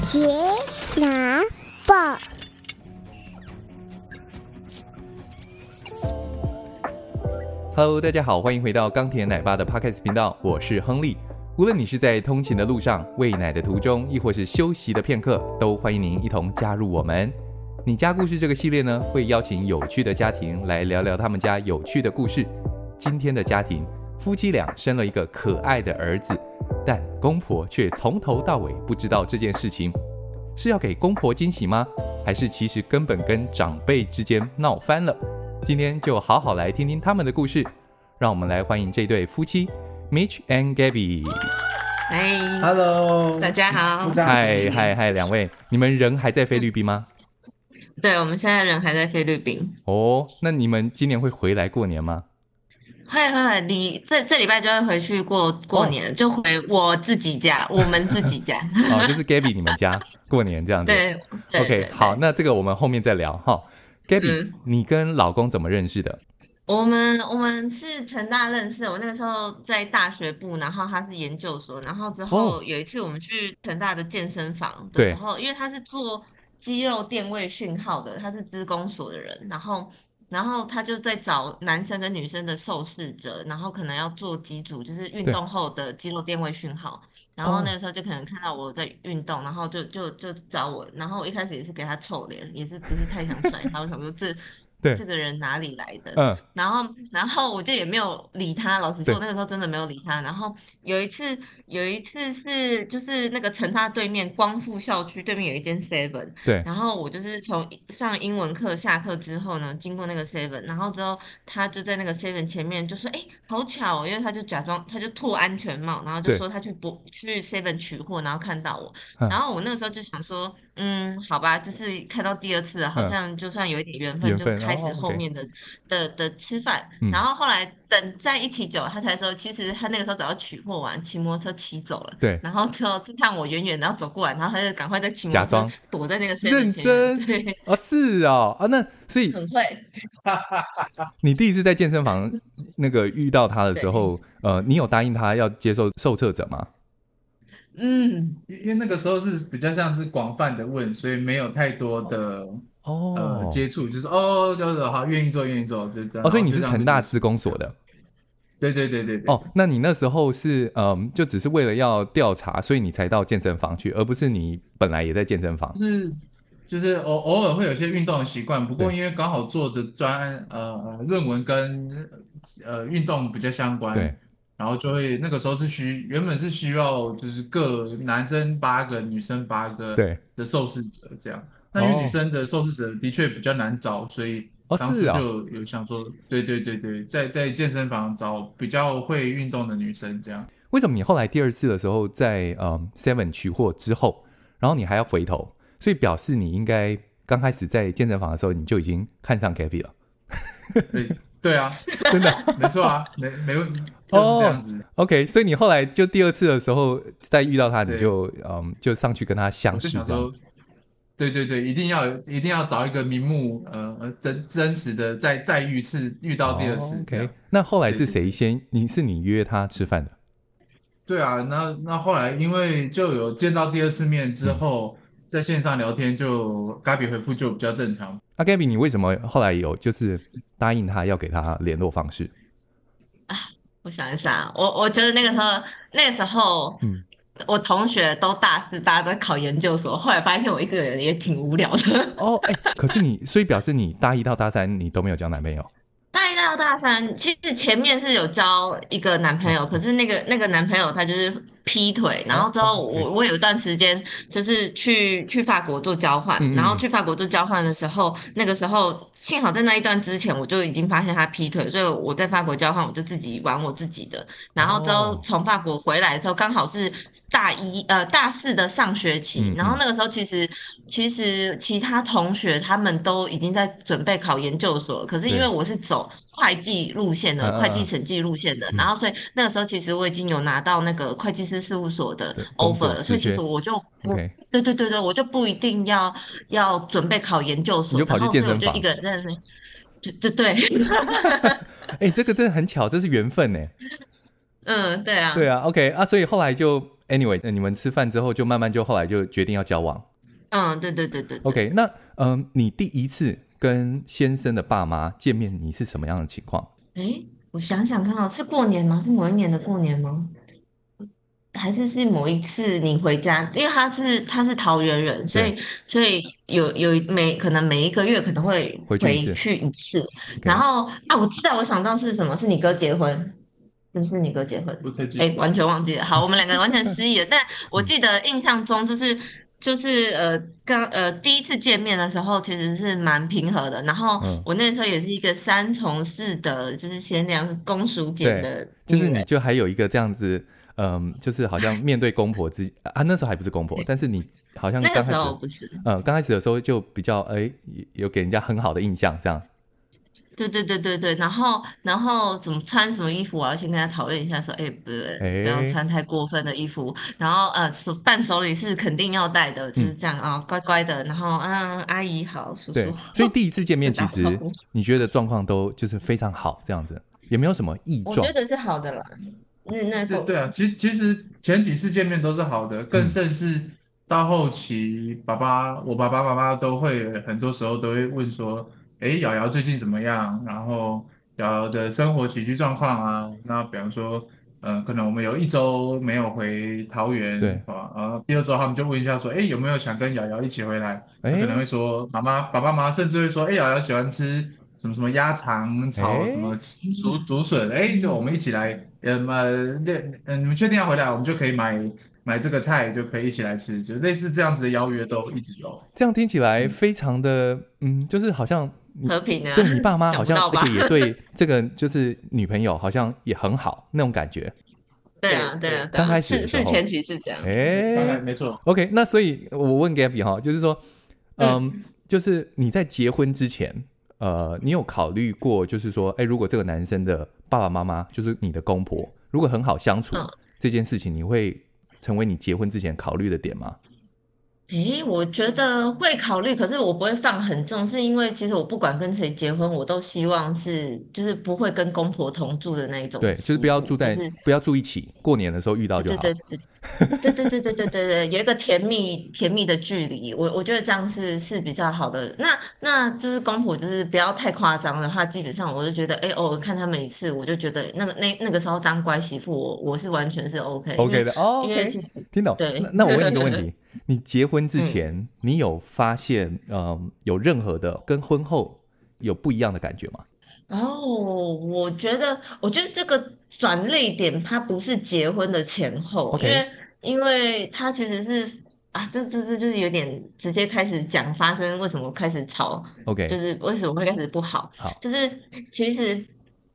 杰拿寶。Hello，大家好，歡迎回到鋼鐵奶爸的 Podcast 頻道，我是亨利。無論你是在通勤的路上、餵奶的途中，亦或是休息的片刻，都歡迎您一同加入我們。你家故事這個系列呢，會邀請有趣的家庭來聊聊他們家有趣的故事。今天的家庭，夫妻倆生了一個可愛的兒子。但公婆卻從頭到尾不知道這件事情，是要給公婆驚喜嗎？還是其實根本跟長輩之間鬧翻了？今天就好好來聽聽他們的故事，讓我們來歡迎這對夫妻，Miche and Gabi。嗨 Hi,，Hello，大家好。嗨嗨嗨，兩位，你們人還在菲律賓嗎？對，我們現在人還在菲律賓。哦，oh, 那你們今年會回來過年嗎？嘿嘿，你這這禮拜就會回去過過年，oh. 就回我自己家， 我們自己家。哦 ，oh, 就是 Gabi 你們家過年這樣子。 對，OK，好，那這個我們後面再聊哈。Gabi，、嗯、你跟老公怎麼認識的？我們我們是成大認識的，我那個時候在大學部，然後他是研究所，然後之後有一次我們去成大的健身房，oh. 對然後因為他是做肌肉電位訊號的，他是資工所的人，然後。然後他就在找男生跟女生的受試者，然後可能要做幾組，就是運動後的肌肉電位訊號。對然後那個時候就可能看到我在運動，oh. 然後就就就找我，然後我一開始也是給他臭臉，也是不是太想甩他， 我想說這。對，這個人哪裡來的？嗯、然後，然後我就也沒有理他。老實說，我那個時候真的沒有理他。對然後有一次，有一次是就是那個成大對面光復校區對面有一間 Seven。對。然後我就是從上英文課下課之後呢，經過那個 Seven，然後之後他就在那個 Seven 前面就說：“哎對，好巧、哦！”因為他就假裝他就脫安全帽，然後就說他去博對去 Seven 取貨，然後看到我。嗯、然後我那個時候就想說：“嗯，好吧，就是看到第二次，好像就算有一點緣分就看、嗯。分”開始後面的、哦 okay、的的，的吃飯，嗯、然後後來等在一起久，他才說其實他那個時候只要取貨完，騎摩托車騎走了。對，然後之後就看我遠遠，然後走過來，然後他就趕快在騎摩托車假裝躲在那個認真啊對、哦，是啊、哦、啊、哦，那所以很會。 你第一次在健身房那個遇到他的時候，對呃，你有答應他要接受受測者嗎？嗯，因為那個時候是比較像是廣泛的問，所以沒有太多的。哦哦、呃，接觸就是哦，對對，好，願意做願意做，就這樣。哦，所以你是成大職工所的，對對對對對。對對對對哦，那你那時候是嗯、呃，就只是為了要調查，所以你才到健身房去，而不是你本來也在健身房。就是，就是偶偶爾會有些運動的習慣，不過因為剛好做的專案呃論文跟呃運動比較相關，對，然後就會那個時候是需原本是需要就是各男生八個，女生八個，對的受試者這樣。那因為女生的受試者的確比較難找，哦、所以是啊，就有想說，對對對對，在在健身房找比較會運動的女生這樣。為什麼你後來第二次的時候在嗯 Seven 取貨之後，然後你還要回頭，所以表示你應該剛開始在健身房的時候你就已經看上 Gabi 了？對 欸、對啊，真的 沒錯啊，沒沒問題，就是這樣子、哦。OK，所以你後來就第二次的時候再遇到他，你就對嗯就上去跟他相識這樣。對對對，一定要一定要找一個名目，呃，真真實的再再遇次遇到第二次。哦、樣 OK，那後來是誰先？ 你是你約他吃飯的？對啊，那那後來因為就有見到第二次面之後，嗯、在線上聊天就，就 Gabi 回復就比較正常。阿、啊、Gabi，你為什麼後來有就是答應他要給他聯絡方式？啊，我想一想，我我覺得那個時候那個時候，嗯。我同學都大四，大家都在考研究所，後來發現我一個人也挺無聊的 哦。哦、欸，可是你，所以表示你大一到大三你都沒有交男朋友？大一到大三，其實前面是有交一個男朋友，可是那個那個男朋友他就是。劈腿，然後之後我、Oh, okay. 我有一段時間就是去去法國做交換，嗯嗯，然後去法國做交換的時候，那個時候幸好在那一段之前我就已經發現他劈腿，所以我在法國交換，我就自己玩我自己的，然後之後從法國回來的時候、Oh. 剛好是大一呃大四的上學期，嗯嗯，然後那個時候其實其實其他同學他們都已經在準備考研究所，可是因為我是走。會計路線的，啊啊啊會計審計路線的，嗯、然後所以那個時候其實我已經有拿到那個會計師事務所的 offer，所以其實我就不 Okay. 對對對對，我就不一定要要準備考研究所，就跑去健身房，就一個人在那，對對對。哎、 欸，這個真的很巧，這是緣分哎。嗯，對啊，對啊，OK 啊，所以後來就 anyway，你們吃飯之後就慢慢就後來就決定要交往。嗯，對對對對，對，OK，那嗯、呃，你第一次。跟先生的爸媽見面，你是什麼樣的情況？哎、欸，我想想看哦，是過年嗎？是某一年的過年嗎？還是是某一次你回家？因為他是他是桃園人對所，所以所以有有每可能每一個月可能會回去一次。一次然後 Okay. 啊，我知道，我想到是什麼，是你哥結婚，是不是你哥結婚。哎、欸，完全忘記了。好，我們兩個完全失憶了。 但我記得印象中就是。就是呃剛呃第一次見面的時候其實是蠻平和的，然後我那時候也是一個三從四德，嗯、就是賢良恭淑儉的，就是你就還有一個這樣子，嗯，就是好像面對公婆之 啊那時候還不是公婆，但是你好像剛開始 那個時候不是，嗯、呃，剛開始的時候就比較哎、欸、有給人家很好的印象這樣。對對對對對，然後然後怎麼穿什麼衣服，啊，我要先跟他討論一下，說，哎、欸，不要不要穿太過分的衣服，欸、然後呃手伴手禮是肯定要帶的，就是這樣啊、嗯哦，乖乖的，然後嗯，阿姨好，叔叔好。所以第一次見面其實你覺得狀況都就是非常好，這樣子也沒有什麼異狀，我覺得是好的啦。那那個、對對啊，其實其實前幾次見面都是好的，更甚至是到後期，爸爸我爸爸媽媽都會很多時候都會問說。哎，瑤瑤最近怎麼樣？然後瑤瑤的生活起居狀況啊？那比方說，嗯、呃，可能我們有一周沒有回桃園，對，啊，然後第二周他們就問一下說，哎，有沒有想跟瑤瑤一起回來？哎誒，可能會說媽媽，爸爸媽媽，甚至會說，哎，瑤瑤喜歡吃什麼什麼鴨腸炒誒什麼竹竹筍，哎，就我們一起來，呃、嗯，買、嗯，嗯，你們確定要回來，我們就可以買買這個菜，就可以一起來吃，就類似這樣子的邀約都一直有。這樣聽起來非常的，嗯，就是好像。和平的，啊，對你爸媽好像，而且也對這個就是女朋友好像也很好那種感覺 對、啊。對啊，對啊，對啊，剛開始是是前期是這樣，哎誒，沒錯。OK，那所以我問 Gabi 哈、嗯，就是說，嗯、呃，就是你在結婚之前，呃，你有考慮過，就是說，哎，如果這個男生的爸爸媽媽就是你的公婆，如果很好相處、嗯、這件事情，你會成為你結婚之前考慮的點嗎？誒、欸，我覺得會考慮，可是我不會放很重，是因為其實我不管跟誰結婚，我都希望是就是不會跟公婆同住的那一種。對，就是不要住在、就是、不要住一起，過年的時候遇到就好。對對對對對 對對對對對對，有一個甜蜜、甜蜜的距離，我我覺得這樣是是比較好的。那那就是公婆，就是不要太誇張的話，基本上我就覺得，哎、欸、我、哦、看他每次，我就覺得那個那那個時候當乖媳婦我，我我是完全是 OK OK 的哦，因為聽懂對那。那我問你一個問題， 你結婚之前，你有發現嗯有任何的跟婚後有不一樣的感覺嗎？哦，oh, 我覺得，我覺得這個。轉捩點，他不是結婚的前後，Okay. 因為因為他其實是啊，這這這就是有點直接開始講發生為什麼開始吵，OK，就是為什麼會開始不好，好，Okay. 就是其實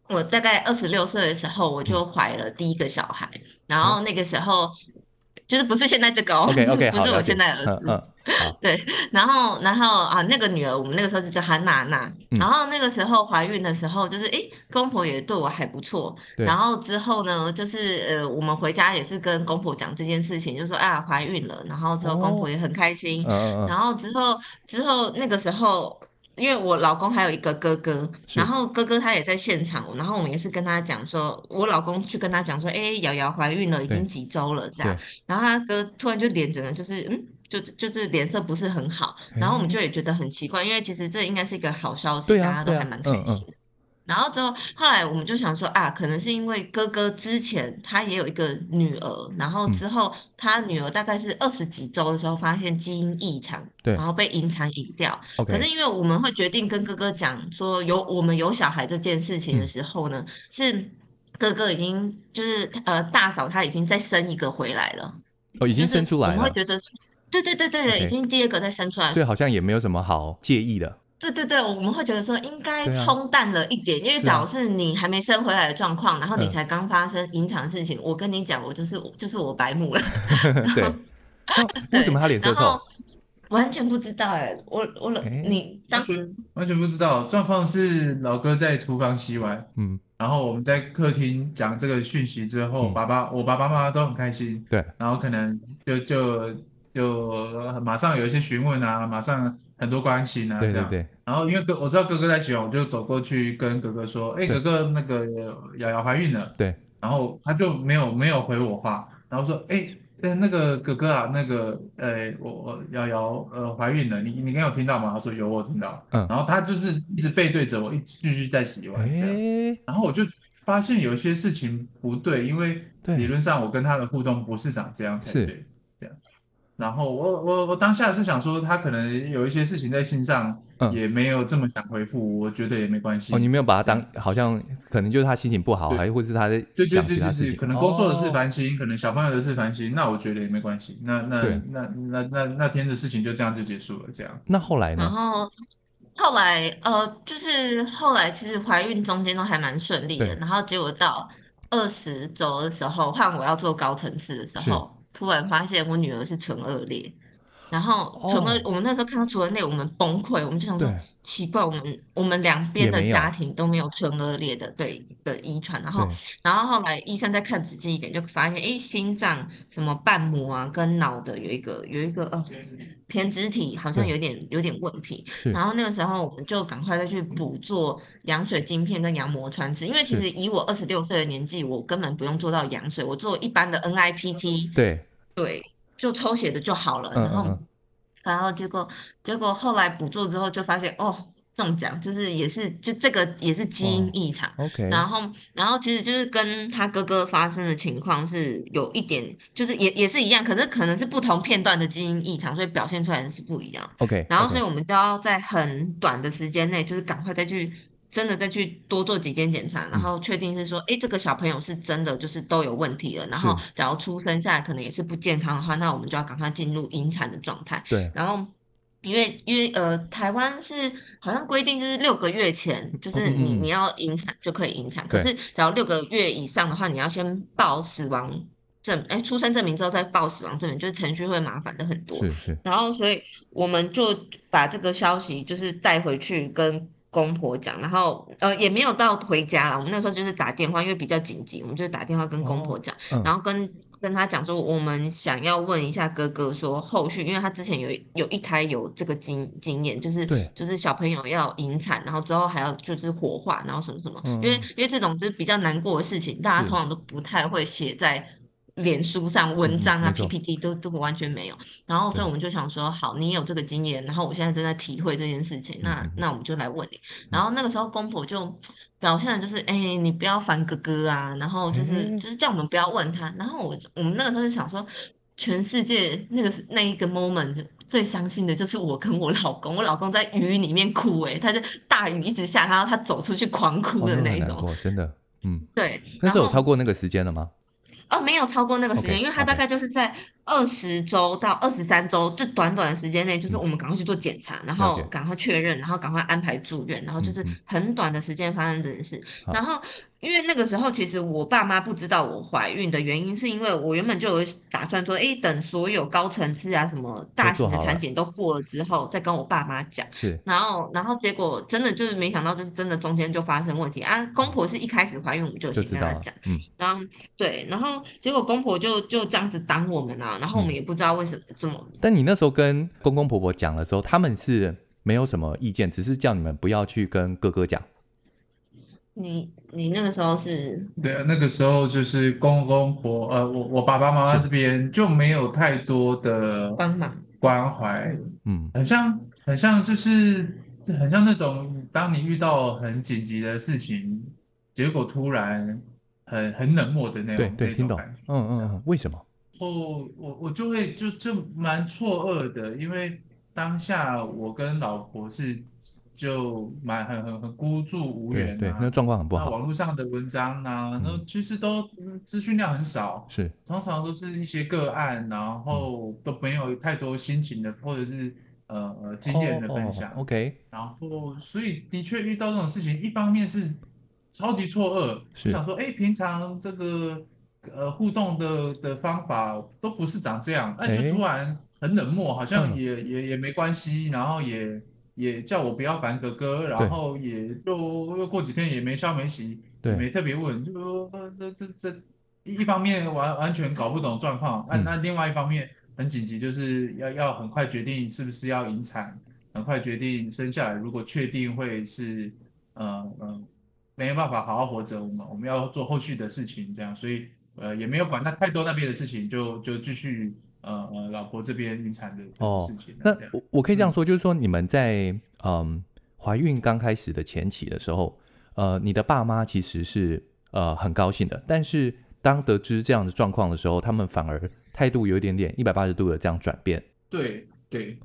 我大概二十六歲的時候，我就懷了第一個小孩，嗯、然後那個時候。就是不是現在這個哦，Okay, okay, 不是我現在兒子，嗯。 對，然後然後啊，那個女兒我們那個時候就叫韓娜娜，然後那個時候懷孕的時候就是哎、欸，公婆也對我還不錯，然後之後呢，就是呃，我們回家也是跟公婆講這件事情，就是，說哎呀懷孕了，然後之後公婆也很開心，哦嗯嗯，然後之後之後那個時候。因為我老公還有一個哥哥，是然後哥哥他也在現場，然後我們也是跟他講說，我老公去跟他講說，哎、欸，瑤瑤懷孕了，已經幾周了對這樣，然後他哥突然就臉整個就是，嗯，就就是臉色不是很好，然後我們就也覺得很奇怪，嗯、因為其實這應該是一個好消息，啊、大家都還蠻開心的。然後之後，後來我們就想說啊，可能是因為哥哥之前他也有一個女兒，然後之後他女兒大概是二十幾周的時候發現基因異常，對，然後被引產引掉。Okay. 可是因為我們會決定跟哥哥講說有我們有小孩這件事情的時候呢，嗯、是哥哥已經就是呃大嫂他已經再生一個回來了，哦，已經生出來了，我們會覺得對對對對 Okay. 已經第二個再生出來，所以好像也沒有什麼好介意的。對對對，我們會覺得說應該沖淡了一點，啊、因為假如是你還沒生回來的狀況，然後你才剛發生隱藏的事情，嗯、我跟你講，我就是我就是我白目了。對，對、哦，為什麼他臉色臭？完全不知道哎，我我你當時完全不知道狀況是老哥在廚房洗碗，嗯，然後我們在客廳講這個訊息之後，嗯、爸爸我爸爸媽媽都很開心，對，然後可能就就就馬上有一些詢問啊，馬上。很多關係呢，啊，對對對這樣對。然後因為哥，我知道哥哥在洗碗，我就走過去跟哥哥說：“哎對、欸，哥哥，那個瑤瑤懷孕了。”對。然後他就沒有沒有回我話，然後說：“哎、欸，那個哥哥啊，那個呃，我我瑤瑤呃懷孕了，你你剛有聽到嗎？”他說：“有，我聽到。嗯”然後他就是一直背對着我，一直繼續在洗碗這樣。然後我就發現有一些事情不對，因為理論上我跟他的互動不是長這樣對才對。然後我我我當下是想說，他可能有一些事情在心上，也沒有這麼想回復，我覺得也沒關係。哦，你沒有把他當好像可能就是他心情不好，還是他在想其他事情。可能工作的事煩心，可能小朋友的事煩心，那我覺得也沒關係。那那那那那那天的事情就這樣就結束了，這樣。那後來呢？然後後來呃，就是後來其實懷孕中間都還蠻順利的，然後結果到二十週的時候，換我要做高層次的時候。突然發現，我女兒是純惡劣。然後唇腭，oh, 我們那時候看到唇腭裂我們崩潰，我們就想說對奇怪，我們我們兩邊的家庭都沒有唇腭裂的對的遺傳。然後，對然後後來醫生再看仔細一點，就發現哎，心臟什麼瓣膜啊，跟腦的有一個有一個呃、哦、胼胝體，好像有點對有點問題。是然後那個時候我們就趕快再去補做羊水晶片跟羊膜穿刺，因為其實以我二十六歲的年紀，我根本不用做到羊水，我做一般的 NIPT。對對。對就抽血的就好了，嗯嗯嗯。然後，然後結果，結果後來補做之後就發現，哦，中獎就是也是就這個也是基因異常，哦，okay。然後，然後其實就是跟他哥哥發生的情況是有一點，就是也也是一樣，可是可能是不同片段的基因異常，所以表現出來是不一樣。OK，然後所以我們就要在很短的時間內，就是趕快再去。真的再去多做幾件檢查，然後確定是說，誒、欸，這個小朋友是真的就是都有問題了。然後，假如出生下來可能也是不健康的話，那我們就要趕快進入引產的狀態。對。然後因，因為因為呃，台灣是好像規定就是六個月前，就是你你要引產就可以引產。嗯嗯可是，只要六個月以上的話，你要先報死亡證，哎對、欸，出生證明之後再報死亡證明，就是程序會麻煩的很多。是是。然後，所以我們就把這個消息就是帶回去跟。公婆講，然後呃，也沒有到回家了。我們那時候就是打電話，因為比較緊急，我們就打電話跟公婆講，哦，嗯、然後跟跟他講說，我們想要問一下哥哥說後續，因為他之前有有一胎有這個經經驗，就是對就是小朋友要引產，然後之後還要就是火化，然後什麼什麼，嗯、因為因為這種就是比較難過的事情，大家通常都不太會寫在。臉書上文章啊，PPT 都、嗯、都，都完全沒有。然後所以我們就想說，好，你有這個經驗，然後我現在正在體會這件事情，嗯、那、嗯、那我們就來問你。嗯、然後那個時候公婆就表現的就是，哎、欸，你不要煩哥哥啊，然後就是就是叫我們不要問他。嗯、然後我我們那個時候就想說，全世界那個那一個 moment 最相信的就是我跟我老公，我老公在雨裡面哭，欸，哎，他在大雨一直下，然後他走出去狂哭的那種，哦、真的，真的，嗯，對。那是有超過那個時間了嗎？哦，沒有超過那個時間，okay, 因為他大概就是在二十周到二十三周這短短的時間內，Okay. 就是我們趕快去做檢查，然後趕快確認，然後趕快安排住院，然後就是很短的時間發生這件事，Okay. 然後。因為那個時候，其實我爸媽不知道我懷孕的原因，是因為我原本就有打算說，哎，等所有高層次啊、什麼大型的產檢都過了之後，再跟我爸媽講。是。然後，然後結果真的就是沒想到，就是真的中間就發生問題啊！公婆是一開始懷孕我們就先跟他講，嗯，然後對，然後結果公婆就就這樣子擋我們啊，然後我們也不知道為什麼這麼、嗯。但你那時候跟公公婆婆講的時候，他們是沒有什麼意見，只是叫你們不要去跟哥哥講。你。你那個時候是？對啊，那個時候就是公公婆，呃，我我爸爸媽媽這邊就沒有太多的關懷，嗯，很像很像就是就很像那種當你遇到很緊急的事情，結果突然很很冷漠的那種對，那種感覺，聽懂。嗯嗯嗯，為什麼？後、oh, 我我就會就就蠻錯愕的，因為當下我跟老婆是。就蠻很很很孤注無援，啊，對，那狀況很不好。那、啊、網絡上的文章啊，那、嗯、其實都資訊量很少，是，通常都是一些個案，然後都沒有太多心情的、嗯、或者是呃經驗的分享。Oh, oh, OK，然後所以的確遇到這種事情，一方面是超級錯愕，是想說，哎、欸，平常這個呃互動的的方法都不是長這樣，那、欸、就突然很冷漠，好像也、嗯、也也沒關係，然後也。也叫我不要煩哥哥，對然後也就又過幾天也沒消沒息，對沒特別問，就這這這，這，一方面完完全搞不懂狀況，那、嗯啊、那另外一方面很緊急，就是要要很快決定是不是要引產，很快決定生下來，如果確定會是嗯嗯、呃呃，沒有辦法好好活着，我們我們要做後續的事情這樣，所以呃也沒有管那太多那邊的事情，就就繼續。呃呃，老婆這邊孕產的事情。哦、那我我可以這樣說，嗯、就是說你們在嗯懷孕剛開始的前期的時候，呃，你的爸媽其實是呃很高興的，但是當得知這樣的狀況的時候，他們反而態度有一點點一百八十度的這樣轉變。對對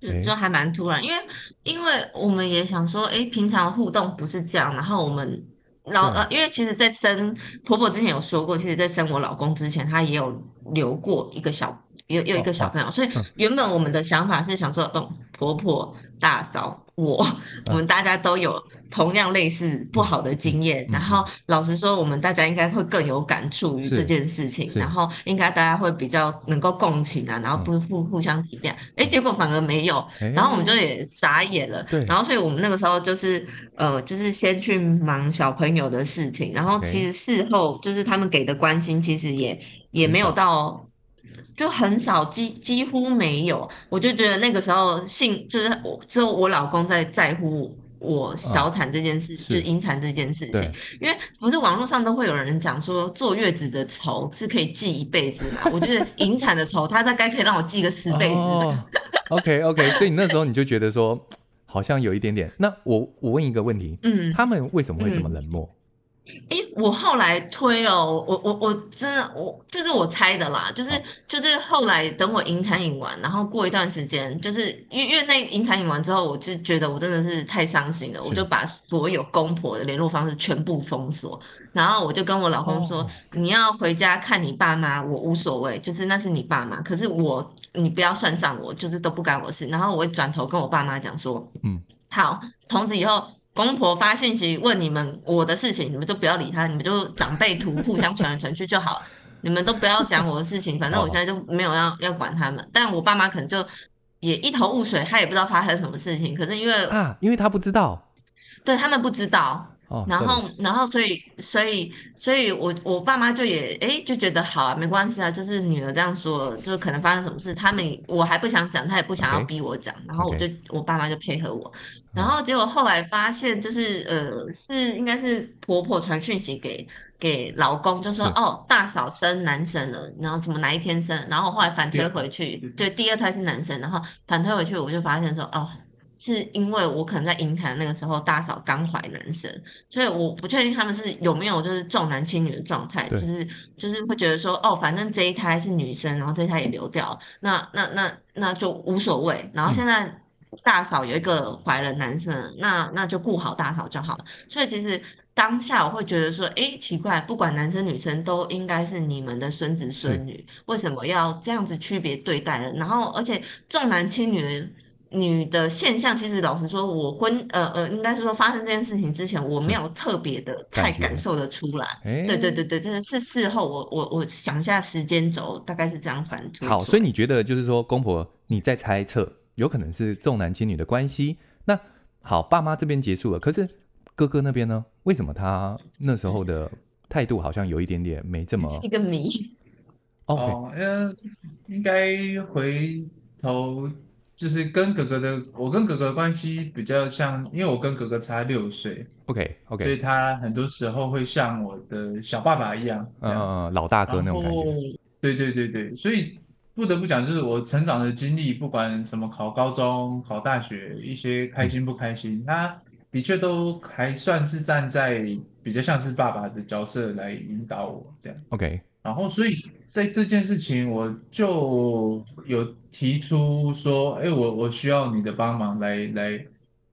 就，就還蠻突然，因為因為我們也想說，哎、欸，平常互動不是這樣，然後我們。然後、呃，因為其實，在生婆婆之前有說過，其實，在生我老公之前，她也有留過一個小，有有一個小朋友，啊啊、所以原本我們的想法是想說，哦、嗯嗯，婆婆、大嫂，我，啊、我們大家都有。同樣類似不好的經驗，嗯、然後老實說，我們大家應該會更有感觸於這件事情，然後應該大家會比較能夠共情啊，嗯、然後不互互相體諒。哎、嗯欸，結果反而沒有，哎、呀然後我們就也傻眼了。對然後，所以我們那個時候就是呃，就是先去忙小朋友的事情，然後其實事後就是他們給的關心，其實也、哎、也沒有到，很少就很少，幾幾乎沒有。我就覺得那個時候性就是我只有我老公在在乎。我小產這件事，嗯、就是引產這件事情，因為不是網絡上都會有人講說坐月子的仇是可以記一輩子嘛？ 我覺得引產的仇，他大概可以讓我記個十輩子、哦。 OK OK，所以你那時候你就覺得說，好像有一點點。那我我問一個問題，嗯，他們為什麼會這麼冷漠？嗯嗯誒，我後來推，哦，我我我真的，我這是我猜的啦，就是、哦、就是後來等我引產引完，然後過一段時間，就是因為因為那引產引完之後，我就覺得我真的是太傷心了，是我就把所有公婆的聯絡方式全部封鎖，然後我就跟我老公說，哦、你要回家看你爸媽，我無所謂，就是那是你爸媽，可是我你不要算上我，就是都不關我事，然後我轉頭跟我爸媽講說，嗯，好，從此以後。公婆發信息，問你們我的事情，你們就不要理他，你們就長輩圖互相傳來傳去就好。 你們都不要講我的事情，反正我現在就沒有要要管他們。但我爸媽可能就也一頭霧水，他也不知道發生什麼事情。可是因為、啊、因為他不知道，對，他們不知道。Oh, so nice. 然後，然後，所以，所以，所以我我爸媽就也哎、欸、就覺得好啊，沒關係啊，就是女兒這樣說，就可能發生什麼事，他們我還不想講，他也不想要逼我講，Okay. 然後我就 Okay. 我爸媽就配合我，然後結果後來發現就是呃是應該是婆婆傳訊息給給老公，就說、嗯、哦大嫂生男生了，然後什麼哪一天生，然後後來反推回去，Yeah. 就第二胎是男生，然後反推回去我就發現說哦。是因為我可能在引產那個時候，大嫂剛懷男生，所以我不確定他們是有沒有就是重男輕女的狀態，對 就是就是會覺得說，哦，反正這一胎是女生，然後這一胎也流掉，那那那那，那就無所謂。然後現在大嫂有一個懷了男生，嗯、那那就顧好大嫂就好了。所以其實當下我會覺得說，誒、欸，奇怪，不管男生女生都應該是你們的孫子孫女，是 為什麼要這樣子區別對待呢？然後而且重男輕女女的現象，其實老實說，我婚呃呃，應該是說發生這件事情之前，是我沒有特別的太感受得出來。對、欸、對對對，這是事事後我，我我我想一下時間軸，大概是這樣反推。好，所以你覺得就是說，公婆你在猜測，有可能是重男輕女的關係。那好，爸媽這邊結束了，可是哥哥那邊呢？為什麼他那時候的態度好像有一點點沒這麼一個謎 Okay 哦，應應該回頭。就是跟哥哥的，我跟哥哥的關係比較像，因為我跟哥哥差六歲，OK OK，所以他很多時候會像我的小爸爸一樣，嗯老大哥那種感覺，對對對對，所以不得不講，就是我成長的經歷，不管什麼考高中、考大學，一些開心不開心，嗯，他的確都還算是站在比較像是爸爸的角色來引導我這樣，OK。然後，所以在這件事情，我就有提出說，哎、欸，我我需要你的幫忙，來來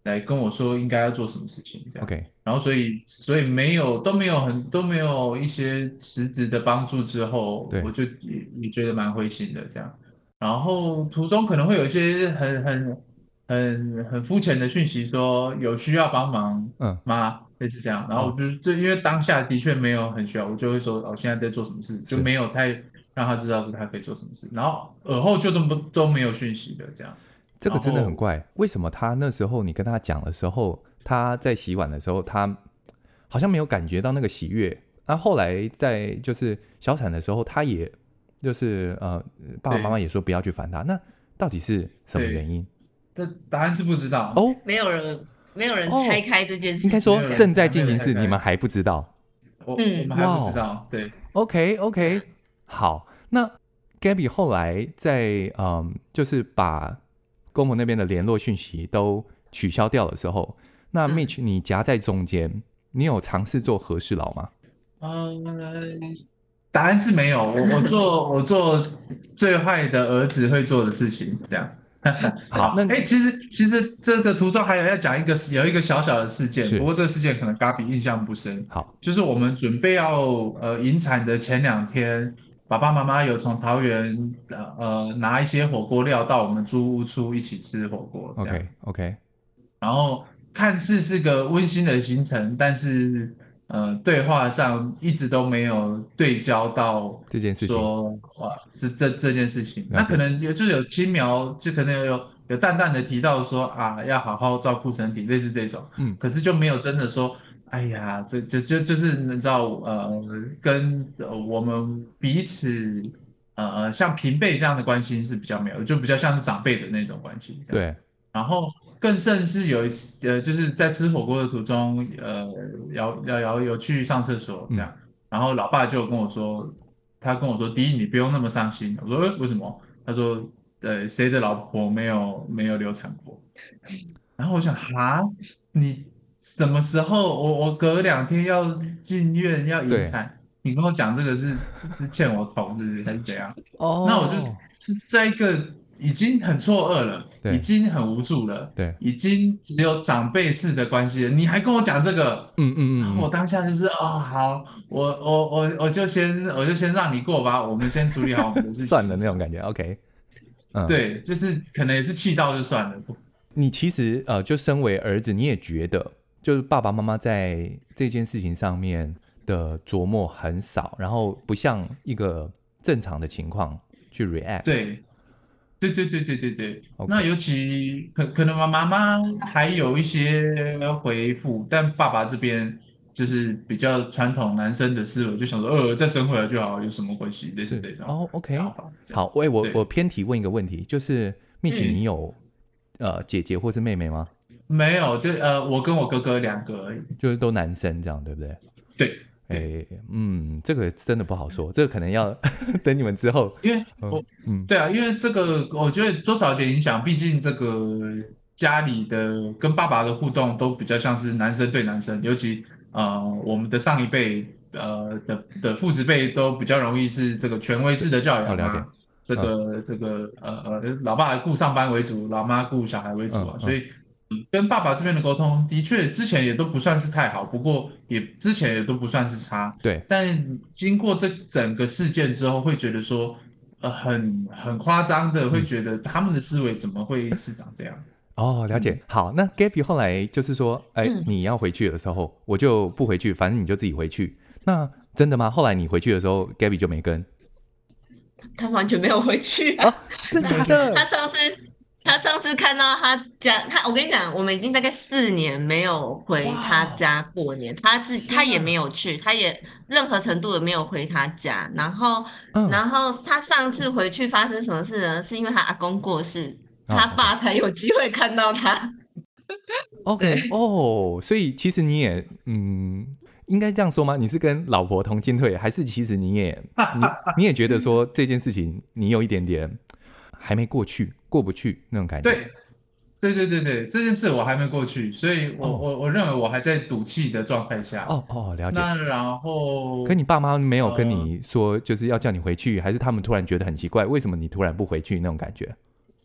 來跟我說應該要做什麼事情，這樣。OK。然後，所以所以沒有都沒有很都沒有一些實質的幫助之後，對我就也，也覺得蠻灰心的這樣。然後途中可能會有一些很很很很膚淺的訊息，說有需要幫忙嗎，嗯，媽。類似這樣，然後我就是、嗯、因為當下的確沒有很需要，我就會說我、哦、現在在做什麼事，就沒有太讓他知道是他可以做什麼事，是然後耳後就都不都沒有訊息的這樣。這個真的很怪，後為什麼他那時候你跟他講的時候，他在洗碗的時候，他好像沒有感覺到那個喜悅。那後來在就是小產的時候，他也就是呃爸爸媽媽也說不要去煩他，對那到底是什麼原因？這答案是不知道哦，沒有人。沒有人拆開這件事情，哦，應該說這件事正在進行時，你們還不知道。我嗯，我們還不知道。Oh. 對，OK OK，好。那 Gabi 後來在嗯，就是把公婆那邊的聯絡訊息都取消掉的時候，那 Miche，嗯、你夾在中間，你有嘗試做和事佬嗎？嗯，答案是沒有。我我做我做最壞的兒子會做的事情，這樣。 好，那、欸、其實其實這個圖上還有要講一個有一個小小的事件，是不過這個事件可能 Gabi 印象不深。好，就是我們準備要呃引產的前兩天，爸爸媽媽有從桃園呃拿一些火鍋料到我們租屋處一起吃火鍋。OK OK，然後看似是個溫馨的行程，但是。呃，對話上一直都沒有對焦到這件事說啊，這這這件事情，事情道那可能也就有輕描，就可能有有淡淡的提到說啊，要好好照顧身體，類似這種，嗯，可是就沒有真的說，哎呀，這這這就，就，就是你知道，呃，跟呃我們彼此，呃，像平輩這樣的關係是比較沒有，就比較像是長輩的那種關係，對，然後。更甚是有一次，呃，就是在吃火鍋的途中，呃，瑤瑤瑤有去上廁所這樣，嗯、然後老爸就跟我說，他跟我說，第一你不用那麼傷心，我說、欸、為什麼？他說，呃，誰的老婆沒有沒有流產過？然後我想，哈，你什麼時候我我隔兩天要進院要引產，對你跟我講這個是是欠我同情還是怎樣？ 哦，那我就是在一個。已經很錯愕了，對已經很無助了，對，已經只有長輩式的關係了。你還跟我講這個，嗯嗯嗯，嗯嗯然後我當下就是哦，好，我我我我就先我就先讓你過吧，我們先處理好我們的事情， 算了那種感覺，OK，對嗯，對，就是可能也是氣到就算了。你其實呃，就身為兒子，你也覺得就是爸爸媽媽在這件事情上面的琢磨很少，然後不像一個正常的情況去 react，對。對對對對對對，Okay. 那尤其可可能媽媽還有一些回復，但爸爸這邊就是比較傳統男生的思維，我就想說，呃，再生回來就好，有什麼關係？對對對，哦、oh，OK，好，好，喂、欸，我對我偏題問一個問題，就是 Miche，你有、嗯、呃姐姐或是妹妹嗎？沒有，就呃，我跟我哥哥兩個而已，就是都男生，這樣對不對？對。對、欸，嗯，這個真的不好說，這個可能要 等你們之後，嗯、因為我，對啊，因為這個我覺得多少有點影響，畢竟這個家裡的跟爸爸的互動都比較像是男生對男生，尤其啊、呃，我們的上一輩，呃的的父子輩都比較容易是這個權威式的教育。啊，哦、了解這個、嗯、這個呃呃，老爸還顧上班為主，老媽顧小孩為主啊，嗯嗯、所以。跟爸爸這邊的溝通，的確之前也都不算是太好，不過也之前也都不算是差。對，但經過這整個事件之後，會覺得說，呃，很很誇張的，嗯、會覺得他們的思維怎麼會是長這樣？哦，了解。嗯、好，那 Gabi 後來就是說，哎、欸，你要回去的時候，嗯、我就不回去，反正你就自己回去。那真的嗎？後來你回去的時候，Gabi 就沒跟。他他完全沒有回去。哦、啊，真假的？他上班。他上次看到他家，他我跟你講，我們已經大概四年沒有回他家過年，哇他自他也沒有去，嗎他也任何程度的沒有回他家。然後，嗯、然後他上次回去發生什麼事呢？是因為他阿公過世，嗯、他爸才有機會看到他。嗯、 OK，哦、oh，所以其實你也，嗯，應該這樣說嗎？你是跟老婆同進退，還是其實你也， 你你也覺得說這件事情你有一點點還沒過去？過不去那種感覺。對，對對對對，這件事我還沒過去，所以我我、哦、我認為我還在賭氣的狀態下。哦哦，了解。那然後，可你爸媽沒有跟你說，就是要叫你回去，呃、還是他們突然覺得很奇怪，為什麼你突然不回去那種感覺？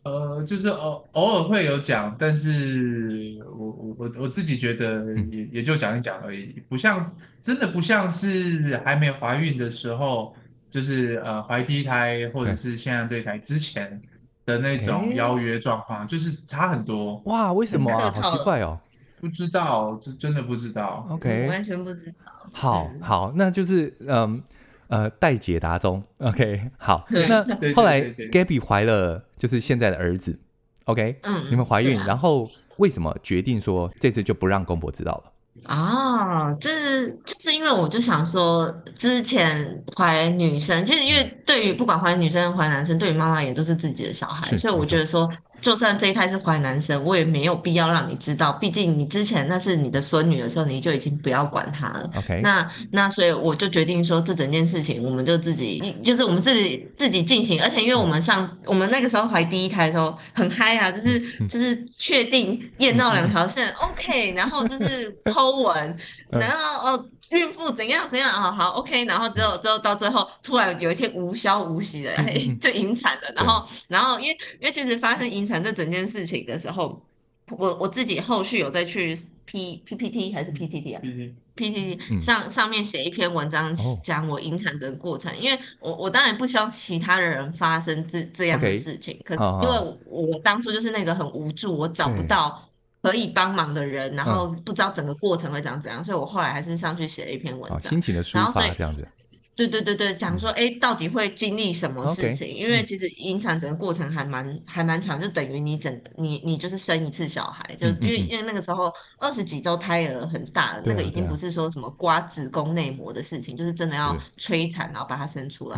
呃，就是偶偶爾會有講，但是我我我自己覺得也也就講一講而已，嗯、不像真的不像是還沒懷孕的時候，就是呃懷第一胎或者是現在這一胎之前。的那種邀約狀況，欸、就是差很多。哇，為什麼啊？好奇怪哦，不知道，這真的不知道。OK，嗯、完全不知道。好，嗯、好，那就是嗯呃待、呃、解答中。OK，好，那後來 Gabi 懷了就是現在的兒子。OK，嗯，你們懷孕，啊、然後為什麼決定說這次就不讓公婆知道了？啊，就是就是因為我就想說，之前懷女生，就是因為對於不管懷女生懷男生，對於媽媽也都是自己的小孩，是所以我覺得說。就算這一胎是懷男生，我也沒有必要讓你知道。畢竟你之前那是你的孫女的時候，你就已經不要管她了。Okay. 那那所以我就決定說，這整件事情我們就自己，就是我們自己自己進行。而且因為我們上、嗯、我們那個時候懷第一胎的時候很嗨啊，就是、嗯、哼就是確定驗到兩條線、嗯、哼 OK，然後就是 PO 文，嗯、哼然後哦孕婦怎樣怎樣、哦、好好 OK，然後之後之後到最後突然有一天無消無息的，的、嗯、哼 就引產了，對然後然後因為因為其實發生引產。反正整件事情的時候，我我自己後續有再去 P P P T 還是 P T T 啊、嗯、？P T T 上、嗯、上面寫一篇文章講我引產的過程，哦、因為我我當然不希望其他的人發生這這樣的事情，Okay 可是因為我，哦哦我當初就是那個很無助，我找不到可以幫忙的人，對然後不知道整個過程會怎樣怎樣，嗯、所以我後來還是上去寫了一篇文章，心情、哦、的抒發然後所以這樣子。對對對對，講說哎，到底會經歷什麼事情？因為其實引產整個過程還蠻還蠻長，就等於你整你你就是生一次小孩，就因為因為那個時候二十幾周胎兒很大，那個已經不是說什麼刮子宮內膜的事情，就是真的要催產然後把它生出來，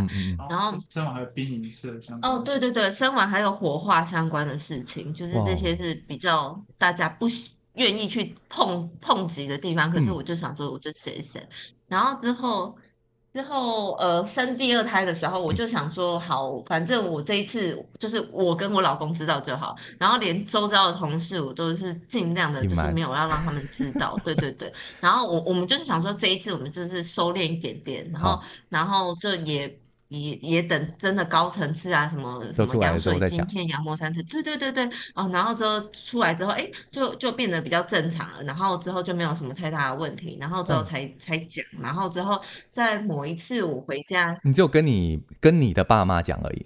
然後生完還有殯儀室相關哦，對對對，生完還有火化相關的事情，就是這些是比較大家不不願意去碰碰及的地方。可是我就想說，我就寫寫，然後之後。之後，呃，生第二胎的時候，我就想說，嗯、好，反正我這一次就是我跟我老公知道就好，然後連周遭的同事，我都是盡量的就是沒有要讓他們知道，你蠻 對對對。 然後我我們就是想說，這一次我們就是收斂一點點，然後好然後這也。也也等真的高層次啊，什麼什麼羊水晶片、羊膜穿刺，對對對對，哦，然後之後出來之後，哎、欸，就就變得比較正常了，然後之後就沒有什麼太大的問題，然後之後才、嗯、才講，然後之後在某一次我回家，你就跟你跟你的爸媽講而已。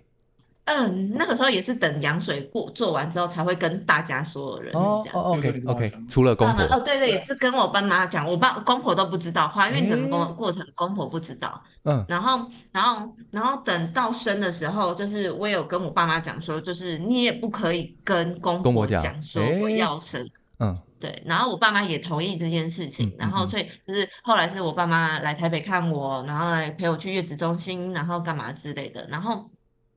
嗯，那個時候也是等羊水過做完之後才會跟大家所有人講。哦，哦，OK OK，除了公婆哦，對對，對，對也是跟我爸媽講，我爸公婆都不知道懷孕整個過過程，欸、公婆不知道。嗯，然後，然後，然後等到生的時候，就是我也有跟我爸媽講說，就是你也不可以跟公公婆講說我要生。欸、嗯，對，然後我爸媽也同意這件事情，嗯、然後所以就是後來是我爸媽來台北看我，然後來陪我去月子中心，然後幹嘛之類的，然後。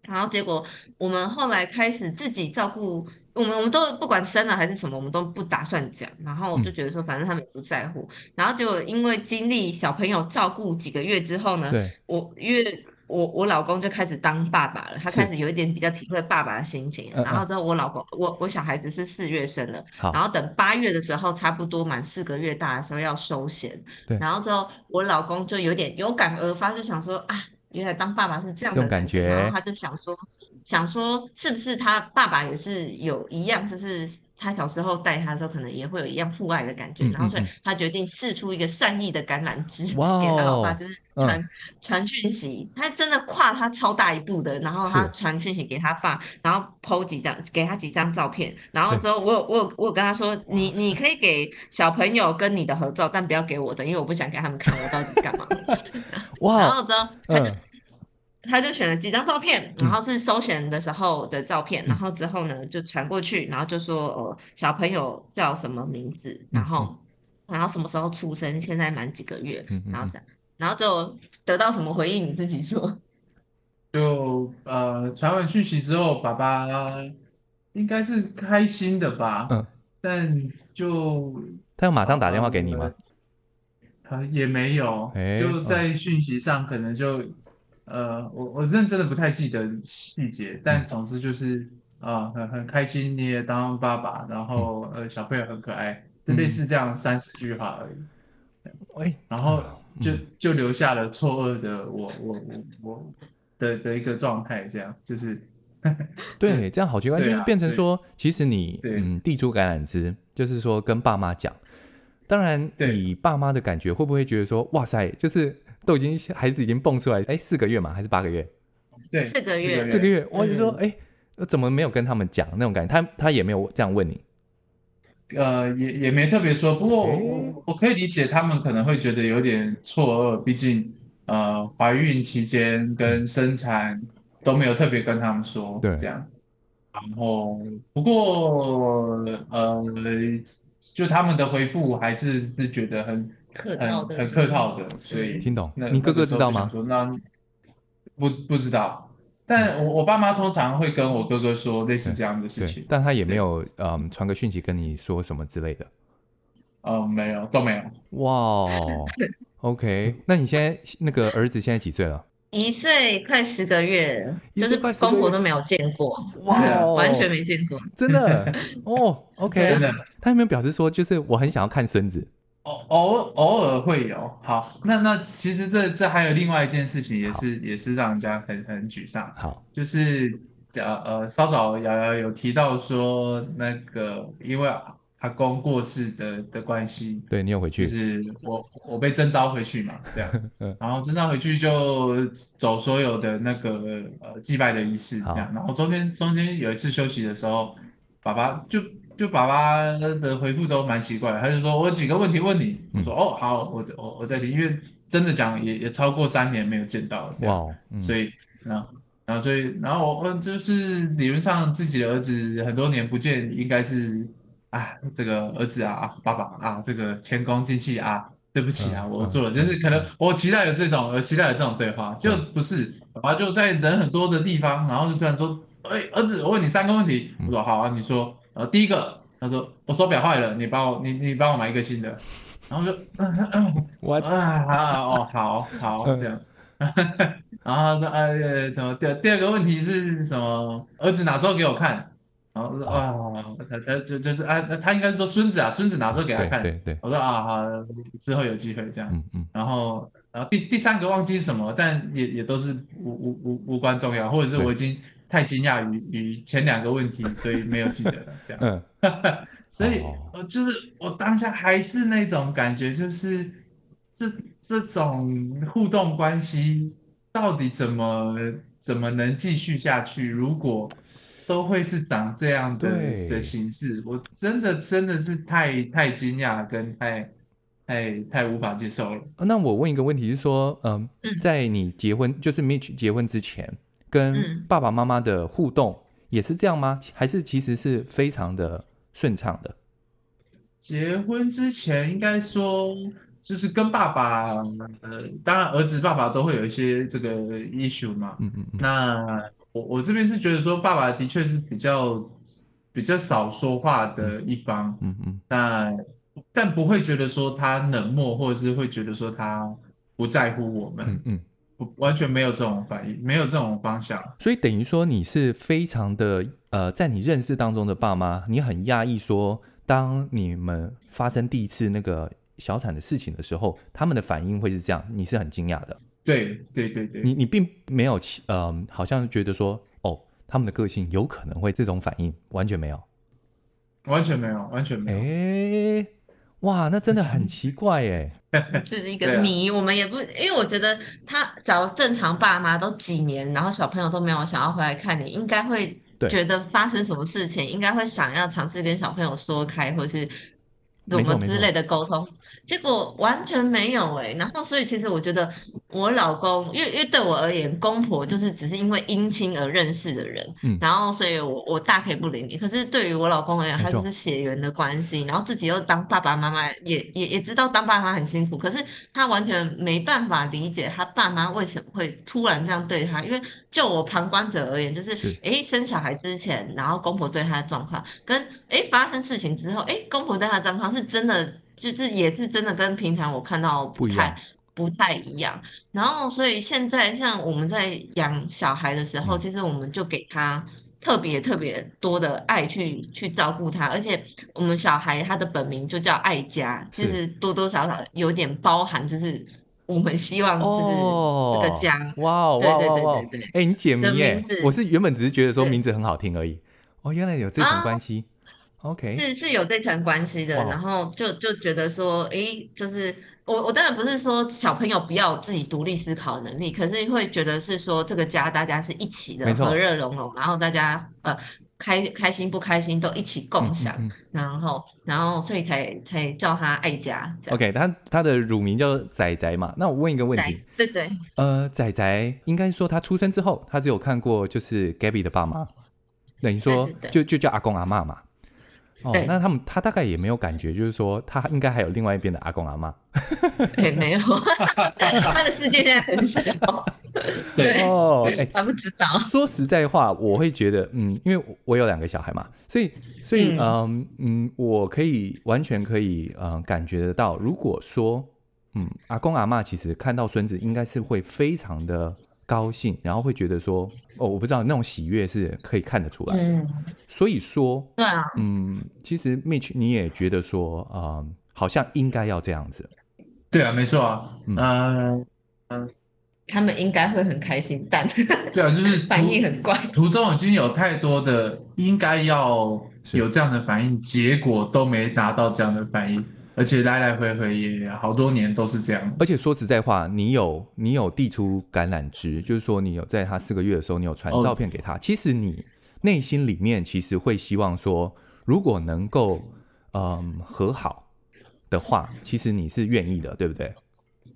然後結果，我們後來開始自己照顧我們，我們都不管生了還是什麼，我們都不打算講。然後我就覺得說，反正他們也不在乎。嗯、然後就因為經歷小朋友照顧幾個月之後呢，對我我為我我老公就開始當爸爸了，是他開始有一點比較體會爸爸的心情。嗯、然後之後我老公，嗯、我我小孩子是四月生的，好然後等八月的時候差不多滿四個月大的時候要收涎，對然後之後我老公就有點有感而發，就想說啊。原來當爸爸是這樣的，這種感覺，然後他就想說。想說是不是他爸爸也是有一樣，就是他小時候帶他的時候，可能也會有一樣父愛的感覺。然後，所以他決定釋出一個善意的橄欖枝給他老爸，就是傳傳訊息。他真的跨他超大一步的，然後他傳訊息給他爸，然後 PO 幾張給他幾張照片，然後之後我有我我跟他說，你你可以給小朋友跟你的合照，但不要給我的，因為我不想給他們看我到底幹嘛。然後之後他就。他就選了幾張照片，然後是收涎的時候的照片，嗯、然後之後呢，就傳過去，然後就說哦、呃、小朋友叫什麼名字，嗯、然後然後什麼時候出生，現在滿幾個月，嗯、然後這樣，然後就得到什麼回應？你自己說。就呃傳完訊息之後，爸爸應該是開心的吧？嗯、但就他要馬上打電話給你嗎？他，嗯、也沒有，欸、就在訊息上可能就。嗯呃，我我認真的不太記得細節，但總之就是啊、呃，很很開心，你也當爸爸，然後呃，小朋友很可愛，類似這樣三四句話而已。哎、嗯，然後就就留下了錯愕的我我我我的的一個狀態，這樣就是對，這樣好奇怪，對就是變成說，啊、其實你嗯遞出橄欖枝，就是說跟爸媽講，當然你爸媽的感覺對會不會覺得說，哇塞，就是。都已經孩子已經蹦出來，哎、欸，四個月嘛，還是八個月？對，四個月，四個月。嗯、我就說，哎、欸，我怎麼沒有跟他們講那種感覺？他他也沒有這樣問你，呃，也也沒特別說。不過我 Okay. 我可以理解他們可能會覺得有點錯愕，畢竟呃，懷孕期間跟生產都沒有特別跟他們說，對，這樣。然後不過呃，就他們的回覆還是是覺得很。很很客套的，所以聽懂？那你哥哥知道嗎？不不知道，但我我爸媽通常會跟我哥哥說類似這樣的事情，但他也沒有嗯傳個訊息跟你說什麼之類的。哦，沒有，都沒有。哇，OK，那你現在那個兒子現在幾歲了？一歲快十個月，就是公婆都沒有見過，哇，完全沒見過，真的哦，OK，真的，他有沒有表示說就是我很想要看孫子？偶偶偶爾會有，好，那那其實這這還有另外一件事情，也是好也是讓人家很很沮喪，好，就是講呃，稍早瑤瑤有提到說那個因為阿公過世的的關係，對，你有回去，就是我我被徵召回去嘛，對 然後徵召回去就走所有的那個呃祭拜的儀式，這樣，好然後中間中間有一次休息的時候，爸爸就。就爸爸的回覆都蠻奇怪，他就說我有幾個問題問你，嗯、我說哦好，我我我在聽，因為真的講也也超過三年沒有見到這樣，wow, 嗯、所以然後然後所以然後我問就是理論上自己的兒子很多年不見，應該是啊，這個兒子啊，啊爸爸啊，這個前功盡棄啊，對不起啊，嗯、我做了、嗯、就是可能我期待有這種，我期待有這種對話，就、嗯、不是爸爸就在人很多的地方，然後就突然說，哎兒子，我問你三個問題，嗯、我說好啊，你說。然後第一個，他說我手錶壞了，你幫我，你你幫我買一個新的， 然後就，我、呃、What? 啊，好、啊啊、哦，好，好 這樣， 然後他說啊、哎，什麼第二第二個問題是什麼？兒子哪時候給我看？然後我說啊，、oh. 啊，他他就就是啊，他應該說孫子啊，孫子哪時候給他看？嗯、我說啊，好，之後有機會這樣，嗯嗯、然後然後第第三個忘記什麼，但也也都是無無無無關重要，或者是我已經。太驚訝於於前兩個問題，所以沒有記得了。這樣， 嗯、 所以、哦、我就是我當下還是那種感覺，就是這這種互動關係到底怎麼怎麼能繼續下去？如果都會是長這樣的對的形式，我真的真的是太太驚訝跟太太太無法接受了、哦。那我問一個問題、就是說，嗯，嗯在你結婚就是 Miche 結婚之前。跟爸爸媽媽的互動也是這樣嗎？還是其實是非常的順暢的？結婚之前應該說，就是跟爸爸，呃，當然兒子爸爸都會有一些這個 issue 嘛。嗯嗯嗯。那我我這邊是覺得說爸爸的確是比較比較少說話的一方。嗯嗯。那但不會覺得說他冷漠，或者是會覺得說他不在乎我們。嗯嗯。完全沒有這種反應，沒有這種方向，所以等於說你是非常的呃，在你認識當中的爸媽，你很訝異說，當你們發生第一次那個小產的事情的時候，他們的反應會是這樣，你是很驚訝的。對對對對，你你並沒有嗯、呃，好像覺得說哦，他們的個性有可能會這種反應，完全沒有，完全沒有，完全沒有。欸、哇，那真的很奇怪哎、欸。這 是一個謎，啊、我們也不，因為我覺得他假如正常爸媽都幾年，然後小朋友都沒有想要回來看你，應該會覺得發生什麼事情，對應該會想要嘗試跟小朋友說開，或是怎麼之類的溝通。結果完全沒有哎、欸，然後所以其實我覺得我老公，因為因為對我而言，公婆，就是只是因為姻親而認識的人，嗯、然後所以我我大可以不理你，可是對於我老公而言，他就是血緣的關係，沒錯。然後自己又當爸爸媽媽，也也也知道當爸媽很辛苦，可是他完全沒辦法理解他爸媽為什麼會突然這樣對他，因為就我旁觀者而言，就是哎是、欸、生小孩之前，然後公婆對他的狀況，跟哎、欸、發生事情之後，哎、欸、公婆對他的狀況是真的。就這也是真的跟平常我看到不太不，不太一樣，然後所以現在像我們在養小孩的時候，嗯、其實我們就給他特別特別多的愛去去照顧他，而且我們小孩他的本名就叫愛家，是其實多多少少有點包含，就是我們希望就是這個家，哇，oh, wow, wow, wow, wow. 對對對對對，哎、欸，你解謎，我是原本只是覺得說名字很好聽而已，對哦，原來有這層關係。Oh, O Okay , K 是是有這層關係的，哇然後就就覺得說，哎、欸，就是我我當然不是說小朋友不要自己獨立思考能力，可是會覺得是說這個家大家是一起的，和樂融融，然後大家呃開開心不開心都一起共享，嗯嗯嗯、然後然後所以才才叫他愛家。O、okay, K 他他的乳名叫仔仔嘛，那我問一個問題，對，對對，呃仔仔應該說他出生之後，他只有看過就是 Gabi 的爸媽，等於說就對對對就，就叫阿公阿嬤嘛。哦，欸、那他們他大概也沒有感覺，就是說他應該還有另外一邊的阿公阿嬤，也、 欸、沒有，哈哈 他的世界現在很小， 對哦，欸、他不知道。說實在話，我會覺得，嗯，因為我有兩個小孩嘛，所以所以嗯嗯，嗯，我可以完全可以嗯感覺得到，如果說嗯阿公阿嬤其實看到孫子，應該是會非常的。高興，然後會覺得說，哦，我不知道那種喜悅是可以看得出來。嗯，所以說，對啊，嗯，其實 Miche，你也覺得說，啊、呃，好像應該要這樣子。對啊，沒錯啊，嗯、呃呃、他們應該會很開心，但對啊，就是 反應很怪。途中已經有太多的應該要有這樣的反應，是結果都沒達到這樣的反應。而且來來回回也好多年都是這樣。而且說實在話，你有你有遞出橄欖枝，就是說你有在他四個月的時候，你有傳照片給他。Oh. 其實你內心裡面其實會希望說，如果能夠嗯和好的話，其實你是願意的，對不對？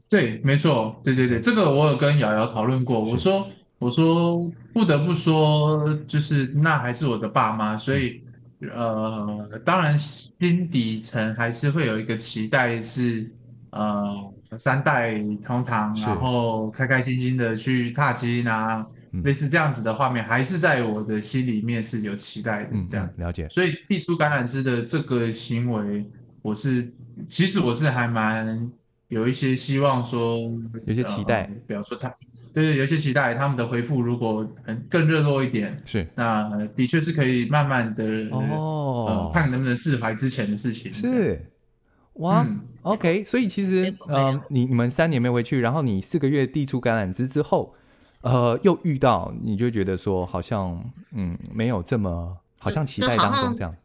對，沒錯，對對對，這個我有跟瑤瑤討論過。是我說，我說，不得不說，就是那還是我的爸媽，所以、嗯。呃，當然，心底層還是會有一個期待是，是呃三代同堂，然後開開心心的去踏青啊，是類似這樣子的畫面，嗯、還是在我的心裡面是有期待的。這樣嗯嗯了解。所以遞出橄欖枝的這個行為，我是其實我是還蠻有一些希望說，有些期待，呃、比方說就是有些期待他們的回覆，如果嗯更熱絡一點，是，那的確是可以慢慢的哦、呃，看能不能釋懷之前的事情。是，樣哇、嗯、，OK，所以其實嗯有、呃，你你們三年沒回去，然後你四個月遞出橄欖枝之後，呃，又遇到你就覺得說好像嗯沒有這麼好像期待當中這樣。嗯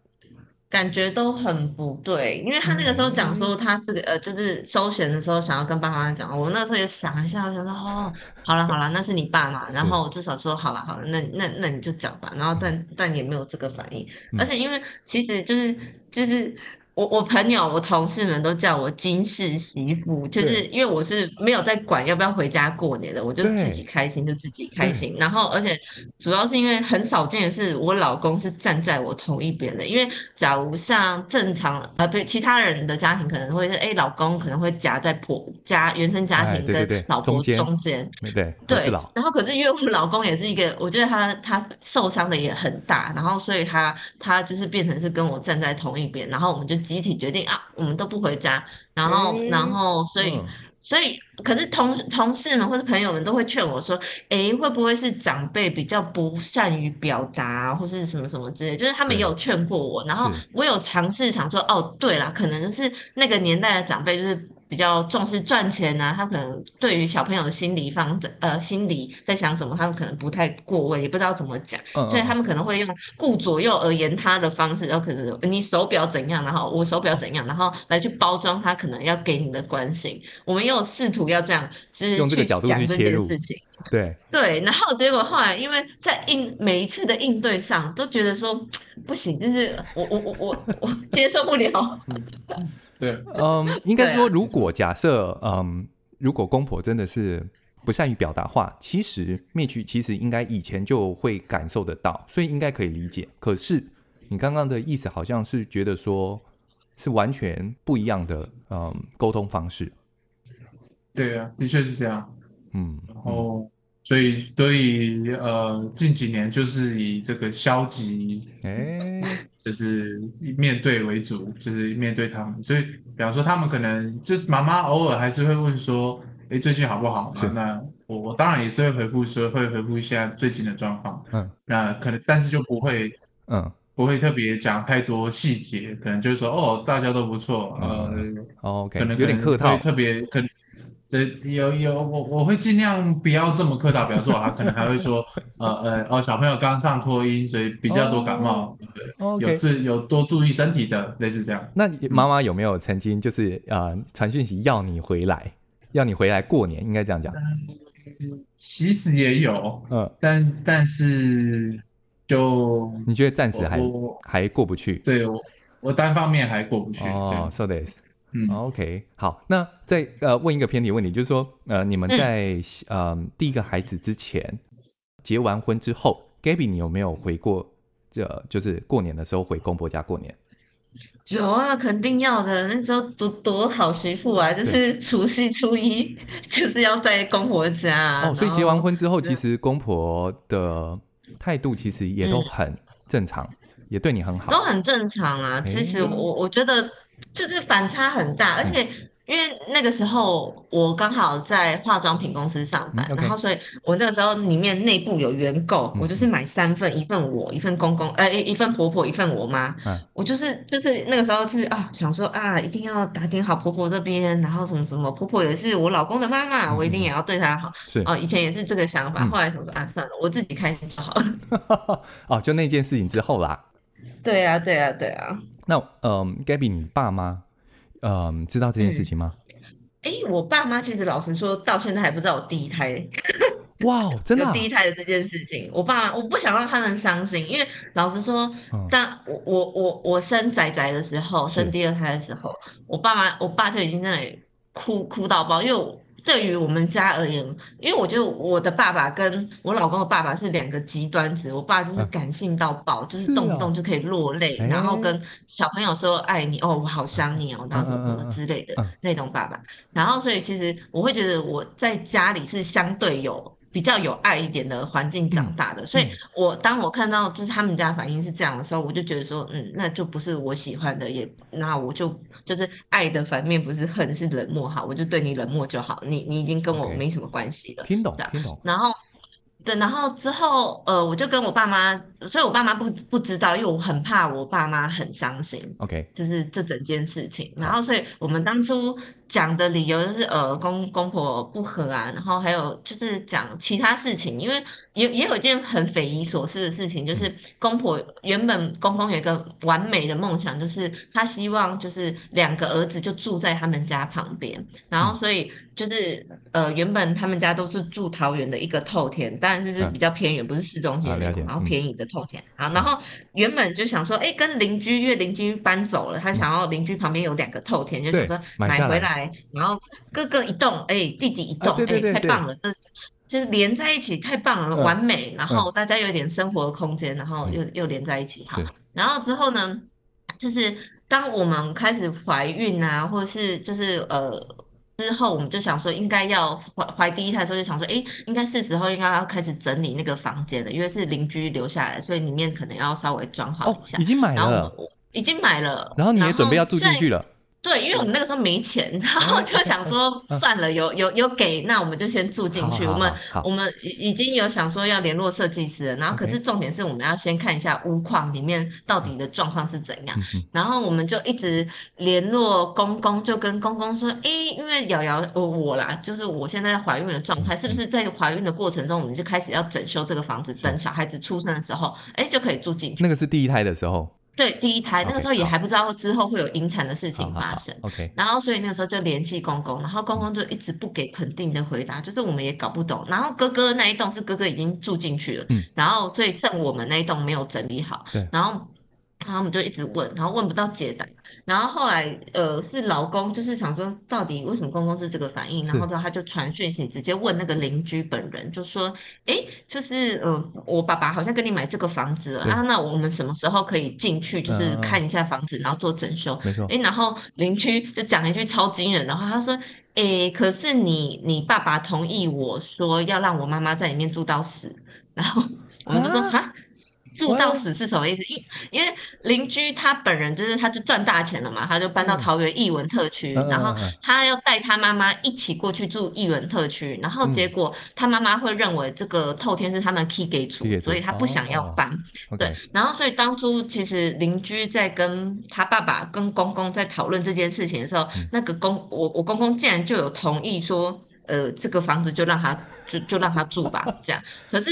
感覺都很不對，因為他那個時候講說他是、嗯、呃，就是收錢的時候想要跟爸媽講，我那時候也想一下，我想說哦，好了好了，那是你爸嘛。然後我至少說好了好了，那那那你就講吧，然後但但也沒有這個反應，嗯、而且因為其實就是就是。我我朋友我同事們都叫我金氏媳婦，就是因為我是沒有在管要不要回家過年的，我就自己開心就自己開心。然後而且主要是因為很少見的是，我老公是站在我同一邊的。因為假如像正常啊，不其他人的家庭可能會是，哎，老公可能會夾在婆家原生家庭跟老婆中間，對對對，然後可是因為我老公也是一個，我覺得他他受傷的也很大，然後所以他他就是變成是跟我站在同一邊，然後我們就。集體決定啊，我們都不回家，然後，欸、然後，所以，嗯、所以，可是同同事們或者朋友們都會勸我說，誒、欸，會不會是長輩比較不善於表達，啊，或是什麼什麼之類？就是他們也有勸過我，對然後我有嘗試想說，是哦，對啦，可能是那個年代的長輩就是。比較重視賺錢啊，他可能對於小朋友的心理方呃，心理在想什麼，他們可能不太過問，也不知道怎麼講，嗯、所以他們可能會用顧左右而言他的方式，然後可能你手錶怎樣，然後我手錶怎樣，然後來去包裝他可能要給你的關心。我們又試圖要這樣，就是去想這件事情，用這個角度去切入，對對，然後結果後來因為在應每一次的應對上都覺得說不行，就是我我我我我接受不了。 嗯對，嗯，應該說，如果假設，啊、嗯，如果公婆真的是不善於表達話，其實 Miche 其實應該以前就會感受得到，所以應該可以理解。可是你剛剛的意思好像是覺得說，是完全不一樣的，嗯，溝通方式。對啊，的確是這樣。嗯，然、嗯、後。所以，所以，呃，近幾年就是以這個消極，欸、就是以面對為主，就是面對他們。所以，比方說，他們可能就是媽媽偶爾還是會問說：“哎、欸，最近好不好嘛？”是那我我當然也是會回復說，會回復一下最近的狀況。嗯，那可能但是就不會，嗯，不會特別講太多細節。可能就是說，哦，大家都不錯。呃、嗯 okay，可能，可能有點客套，特別可能。可能對，有有，我我會儘量不要這麼客套。比方說我還，他可能還會說， 呃呃，哦，小朋友剛上托嬰，所以比較多感冒，有注有多注意身體的，類似這樣。那媽媽有沒有曾經就是呃傳訊息要你回來，要你回來過年？應該這樣講？嗯。其實也有，嗯，但但是就你覺得暫時還我還過不去？對，我，我單方面還過不去哦，說的 s, 對 S、so 嗯，OK，好，那再呃問一個偏題問題，就是說呃你們在嗯，嗯第一個孩子之前結完婚之後，Gabi，你有沒有回過這、呃、就是過年的時候回公婆家過年？有啊，肯定要的，那時候多多好媳婦啊，就是除夕初一對就是要在公婆家。哦，後所以結完婚之後，對其實公婆的態度其實也都很正常，嗯、也對你很好，都很正常啊。其實我、欸、我覺得。就是反差很大，而且因為那個時候我剛好在化妝品公司上班，嗯、okay, 然後所以我那個時候裡面內部有員購，嗯、我就是買三份，一份我，一份公公，呃、欸，一份婆婆，一份我媽。嗯、我就是就是那個時候、就是啊，想說啊，一定要打聽好婆婆這邊，然後什麼什麼婆婆也是我老公的媽媽，嗯、我一定也要對她好。是啊，嗯、以前也是這個想法，後來想說啊，算了，我自己開心就好了。 哦，就那件事情之後啦。對啊，對啊，對啊。那嗯、呃、Gabi，你爸媽嗯、呃、知道這件事情嗎、嗯？誒，我爸媽其實老實說到現在還不知道我第一胎，哇，真的、啊、 第一胎的這件事情，我爸我不想讓他們傷心，因為老實說，但我、嗯、我我我生仔仔的時候，生第二胎的時候，是我爸媽我爸就已經在那裡哭哭到爆，因為我。對於我們家而言，因為我覺得我的爸爸跟我老公的爸爸是兩個極端子。我爸就是感性到爆，啊、就是動不動就可以落淚，哦、然後跟小朋友說“愛你哦，我好想你哦”，啊、然後什麼什麼之類的、啊啊、那種爸爸。然後，所以其實我會覺得我在家裡是相對有。比較有愛一點的環境長大的，嗯、所以我當我看到就是他們家反應是這樣的時候，嗯，我就覺得說，嗯，那就不是我喜歡的也，也那我就就是，愛的反面不是恨是冷漠哈，我就對你冷漠就好，你你已經跟我沒什麼關係了 okay, 是吧？聽懂，聽懂，然後。對，然後之後，呃，我就跟我爸媽，所以我爸媽不不知道，因為我很怕我爸媽很傷心。OK，就是這整件事情。然後，所以我們當初講的理由就是，呃，公公婆不和啊，然後還有就是講其他事情，因為也也有一件很匪夷所思的事情，就是公婆原本公公有一個完美的夢想，就是他希望就是兩個兒子就住在他們家旁邊，然後所以。嗯就是呃，原本他們家都是住桃園的一個透天，但是是比較偏遠，嗯、不是市中心。好，了解，然後便宜的透天、嗯、啊、嗯，然後原本就想說，哎、欸，跟鄰居，因為鄰居搬走了，他想要鄰居旁邊有兩個透天，嗯、就想說買回來，來然後哥哥一棟，哎、欸，弟弟一棟，哎、啊欸，太棒了，對對對，就是就是連在一起，太棒了，嗯、完美。然後大家有一點生活的空間，然後又、嗯、又連在一起哈。好是然後之後呢，就是當我們開始懷孕啊，或者是就是呃。之後我們就想說，應該要懷懷第一胎的時候就想說，哎、欸，應該是時候應該要開始整理那個房間了，因為是鄰居留下來，所以裡面可能要稍微裝潢一下、哦。已經買了，已經買了，然後你也準備要住進去了。對，因為我們那個時候沒錢，然後就想說算了，有有有給，那我們就先住進去。好好好好，我們我們已經有想說要聯絡設計師了，然後可是重點是我們要先看一下屋況裡面到底的狀況是怎樣。然後我們就一直聯絡公公，就跟公公說，誒、欸、因為瑤瑤我啦，就是我現在懷孕的狀態，是不是在懷孕的過程中，我們就開始要整修這個房子，等小孩子出生的時候，哎、欸、就可以住進去。那個是第一胎的時候。對，第一胎 okay，那個時候也還不知道之後會有引產的事情發生。好好好好 OK，然後所以那個時候就聯繫公公，然後公公就一直不給肯定的回答，就是我們也搞不懂。然後哥哥那一棟是哥哥已經住進去了，嗯、然後所以剩我們那一棟沒有整理好。對，然後。然後我們就一直問，然後問不到解答，然後後來呃是老公就是想說到底為什麼公公是這個反應，是然後他就傳訊息直接問那個鄰居本人，就說，哎，就是嗯、呃、我爸爸好像跟你買這個房子了對啊，那我們什麼時候可以進去，就是看一下房子，啊、然後做整修，沒錯誒哎，然後鄰居就講一句超驚人的話，然後他說，哎，可是你你爸爸同意我說要讓我媽媽在裡面住到死，然後我們就說哈！啊」住到死是什麼意思？因哇因為鄰居他本人就是，他就賺大錢了嘛，他就搬到桃園藝文特區，嗯、然後他要帶他媽媽一起過去住藝文特區，嗯、然後結果他媽媽會認為這個透天是他們的 key 給住，ru, ru, 所以他不想要搬。哦、對，okay. 然後所以當初其實鄰居在跟他爸爸、跟公公在討論這件事情的時候，嗯、那個公我我公公竟然就有同意說。呃，這個房子就讓他就，就讓他住吧，這樣。可是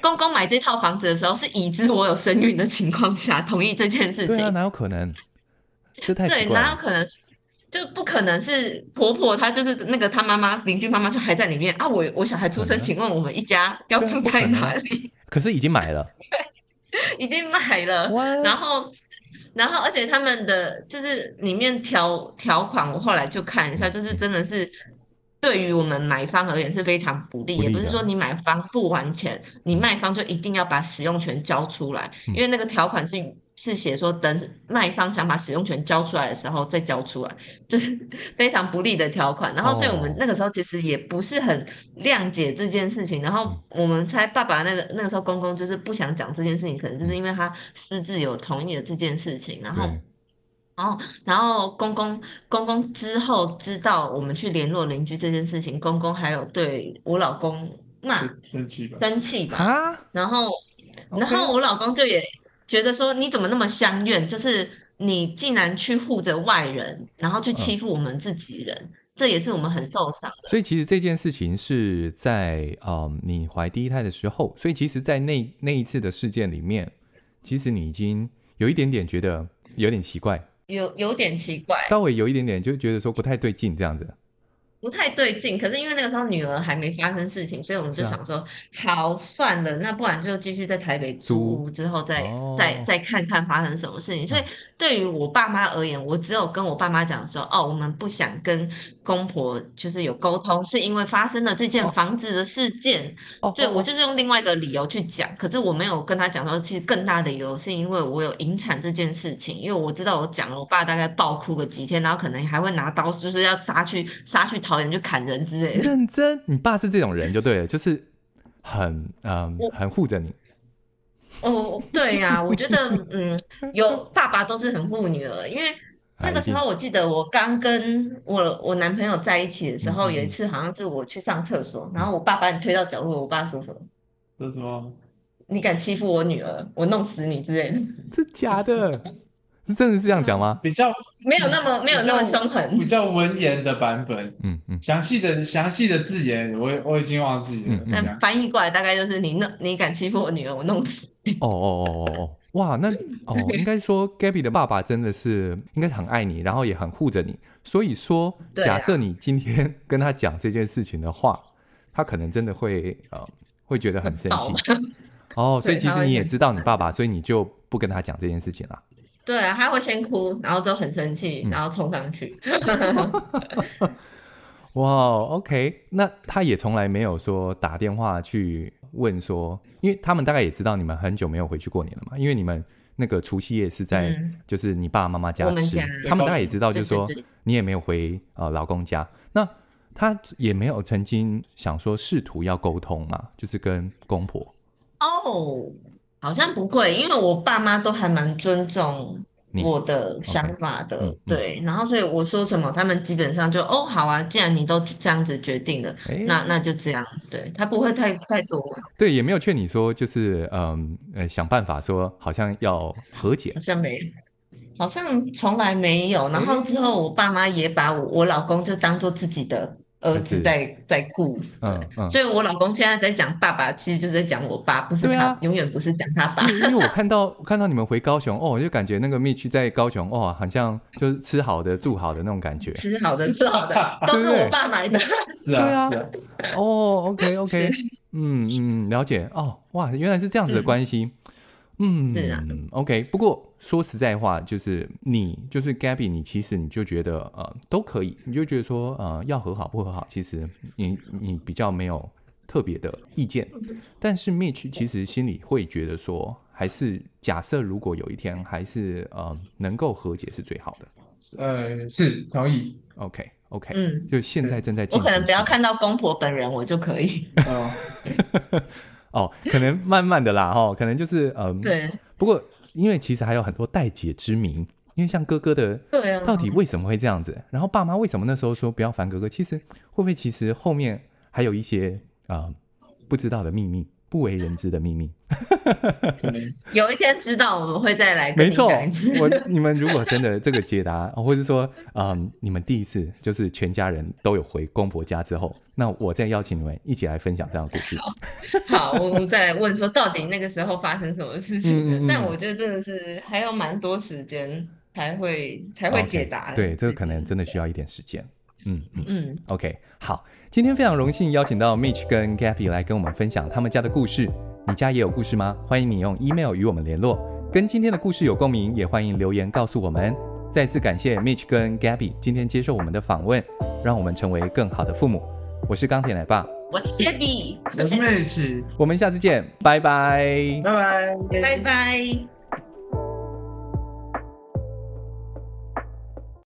公公買這套房子的時候，是已知我有身孕的情況下同意這件事情。對啊，哪有可能？對，哪有可能？就不可能是婆婆，她就是那個她媽媽、鄰居媽媽就還在裡面啊。我我小孩出生，能請問我們一家要住在哪裡？可，可是已經買了， 對，已經買了，然後 What? 然後，然後而且他們的就是裡面條條款，我後來就看一下，嗯，就是真的是。對於我們買方而言，是非常不利，也不是說你買方付完錢，你賣方就一定要把使用權交出來，因為那個條款是是寫說等賣方想把使用權交出來的時候再交出來，就是非常不利的條款。然後，所以我們那個時候其實也不是很諒解這件事情。然後我們猜爸爸那個那個時候公公就是不想講這件事情，可能就是因為他私自有同意了這件事情，然後。然後、哦，然後公公公公之後知道我們去聯絡鄰居這件事情，公公還有對我老公罵、嗯啊、生氣吧，生氣吧啊！然後，Okay 然後我老公就也覺得說，你怎麼那麼相怨？就是你竟然去護着外人，然後去欺負我們自己人，嗯、這也是我們很受傷的。所以其實這件事情是在呃、嗯、你懷第一胎的時候，所以其實，在那那一次的事件裡面，其實你已經有一點點覺得有點奇怪。有有點奇怪，稍微有一點點，就覺得說不太對勁這樣子。不太對勁，可是因為那個時候女兒還沒發生事情，所以我們就想說，樣好算了，那不然就繼續在台北租，之後再，哦，再再看看發生什麼事情。所以對於我爸媽而言，我只有跟我爸媽講說，哦，哦，我們不想跟公婆就是有溝通，是因為發生了這件房子的事件。哦，對，我就是用另外一個理由去講，可是我沒有跟他講說，其實更大的理由是因為我有引產這件事情，因為我知道我講了，我爸大概暴哭個幾天，然後可能還會拿刀就是要殺去殺去。好你就砍人之類的。認真，你爸是這種人就對了，就是很嗯，呃、我很護着你。哦，對呀、啊，我覺得嗯，有爸爸都是很護女兒，因為那個時候我記得我剛跟我我男朋友在一起的時候，嗯、哼有一次好像是我去上廁所，然後我爸把你推到角落，我爸說什麼？說什麼？你敢欺負我女兒，我弄死你之類的。是假的。 是真的是這樣講嗎？比較，比較沒有那麼沒有那麼兇狠比，比較文言的版本，嗯嗯，詳、嗯、細的詳細的字眼，我我已經忘記了。嗯嗯嗯、但翻譯過來大概就是你弄你敢欺負我女兒，我弄死你。哦哦哦哦哦！哇，那、哦、 應該說 Gabi 的爸爸真的是應該是很愛你，然後也很護着你。所以說，假設你今天跟他講這件事情的話，啊、他可能真的會呃會覺得很生氣。 哦，所以其實你也知道你爸爸，所以你就不跟他講這件事情了。對啊，他會先哭，然後就很生氣，嗯、然後衝上去。哇、 Wow, OK，那他也從來沒有說打電話去問說，因為他們大概也知道你們很久沒有回去過年了嘛，因為你們那個除夕夜是在就是你爸爸媽媽家吃，嗯、我們家他們大概也知道，就是說你也沒有回對對對呃老公家，那他也沒有曾經想說試圖要溝通嘛，就是跟公婆哦。Oh. 好像不會，因為我爸媽都還蠻尊重我的想法的，Okay. 對。嗯嗯、然後所以我說什麼，他們基本上就哦好啊，既然你都這樣子決定了，欸、那那就這樣，對他不會太太多。對，也沒有勸你說，就是嗯呃想辦法說，好像要和解，好像沒，好像從來沒有。然後之後我爸媽也把我我老公就當做自己的。兒子在在哭，嗯，嗯，所以我老公現在在講爸爸，其實就是在講我爸，不是他，對啊，永遠不是講他爸，嗯。因為我看到我看到你們回高雄哦，我就感覺那個 Miche 在高雄哦，好像就是吃好的、住好的那種感覺。吃好的、住好的，都是我爸買的。對是啊，對啊。哦、啊 oh,，OK，OK，、okay, okay. 嗯嗯，了解哦，oh, 哇，原來是這樣子的關係。嗯，對啊哪，OK。不過說實在話，就是你，就是 Gabi，b 你其實你就覺得呃都可以，你就覺得說呃要和好不和好，其實你你比較沒有特別的意見。但是 Miche 其實心裡會覺得說，還是假設如果有一天還是呃能夠和解是最好的。呃，是同意，OK OK，、嗯、就現在正在，我可能只要看到公婆本人，我就可以。 哦，可能慢慢的啦，哈、哦，可能就是嗯對。不過，因為其實還有很多待解之謎，因為像哥哥的，對呀，到底為什麼會這樣子？啊、然後爸媽為什麼那時候說不要煩哥哥？其實會不會其實後面還有一些啊、呃、不知道的秘密？不為人知的秘密。 嗯，有一天知道，我們會再來跟你講一次。沒錯，我你們如果真的這個解答， 或者說，嗯，你們第一次就是全家人都有回公婆家之後，那我再邀請你們一起來分享這樣的故事。好，好，我們再來問說，到底那個時候發生什麼事情？ 嗯嗯嗯。但我覺得真的是還有蠻多時間才會才會解答。Okay, 對，這個可能真的需要一點時間。嗯嗯嗯，OK，好，今天非常榮幸邀請到 Miche 跟 Gabi 來跟我們分享他們家的故事。你家也有故事嗎？歡迎你用 email 與我們聯絡。跟今天的故事有共鳴，也歡迎留言告訴我們。再次感謝 Miche 跟 Gabi 今天接受我們的訪問，讓我們成為更好的父母。我是鋼鐵奶爸，我是 Gabi，我是 Miche，我們下次見，拜拜，拜拜，拜拜。